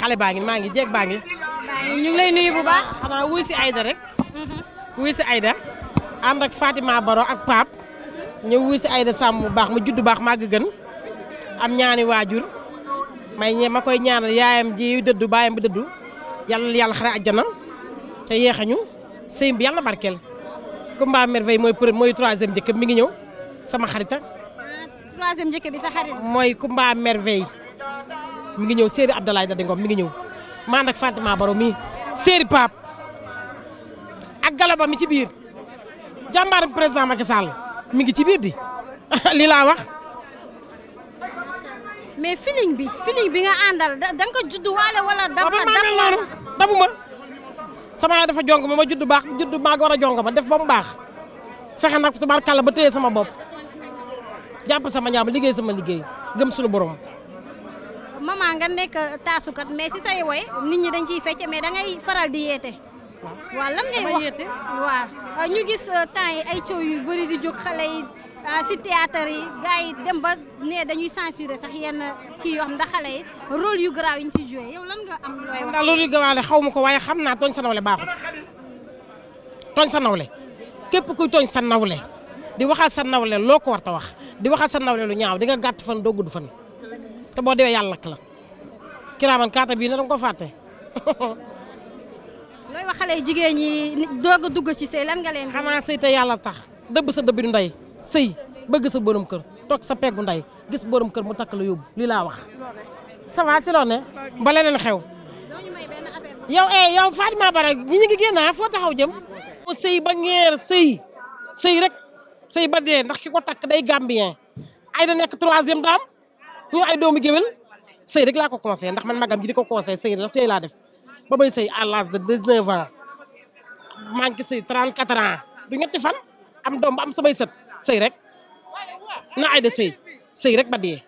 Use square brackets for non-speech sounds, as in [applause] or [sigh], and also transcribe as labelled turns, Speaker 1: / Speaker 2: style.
Speaker 1: xale baa ngi maa ngi jéeg baa ngi. ñu ngi lay nuyu bu baax. xanaa wuy si Aida rek. Mhm. wuy si Aida ànd ak Fatima Baro ak Pape ñëw wuy si Aida Samb bu baax mu judd baax màgg gën am ñaani waajur may ñe ma koy ñaanal yaayam ji dëddu baayam bi dëddu yàlla yàlla xare àjjana te yeexañu sëy bi yàlla barkeel combat merveille mooy premier mooy troisième njëkk mi ngi ñëw sama xarita ah, troisième njëkk bi mooy combat merveille mi ngi ñëw séeri Abdoulaye Dade Ngom mi ngi ñëw maa nag Fatima Baro mii séeri Pape ak galaba mi ci biir jàmbaaram président Macky Sall mi ngi ci biir di [laughs] lii laa wax.
Speaker 2: mais feeling bi feeling bi nga àndal da nga ko judd waale ma dab ma dabu ma
Speaker 1: sama yaay dafa jong ma ma judd baax judd maa war a jong ma def ba mu baax fexe nag tubaarkàlla ba téye sama bopp jàpp sama ñaam liggéey sama liggéey gëm suñu borom.
Speaker 2: maman nga nekk taasukat mais si say woy nit ñi dañ ciy fecce mais da ngay faral di yeete. waaw lan ngay wax waaw ah, ñu gis euh, temps yi ay coow yu bari di jóg xale yi ah, si théâtre yi gars dem ba ne dañuy censurer sax yenn kii yoo xam ndax xale yi rôle yu garaaw yi ñu ciy joué yow lan nga am looy wax. loolu yu garaaw
Speaker 1: xaw ma ko waaye xam naa tooñ sa nawle baaxul tooñ sa nawle képp kuy tooñ sa nawle di waxal sa nawle loo ko war ta wax di waxal sa nawle lu ñaaw di nga gàtt fan doo gudd te boo dewee yàlla lakk la kiraaman kaata bii na danga ko fàtte.
Speaker 2: [laughs] looy wax yi jigéen ñi doog a dugg ci sëy lan ga leen. xanaa sëy te yàlla tax dëbb sa dëbbi ndey
Speaker 1: sëy bëgg sa borom kër toog sa peggu ndey gis borom kër mu takk la yóbbu lii laa wax. ça va si ba leneen xew. yow eh yow Fatima Bara ñi ñu ngi génnaa ah, foo taxaw jëm. sëy ba ngeer sëy sëy rek sëy ba dee ndax ki ko takk day gambien ay da nekk troisième daam. ñu ay doomu géwél sëy rek laa ko conseillé ndax man magam gi di ko conseillé sëy rek sëy laa def ba bay sëy à l'âge de 19 ans maa ngi sëy 34 ans du ñetti fan am doom ba am samay set sëy rek na ay de sëy sëy rek ba dee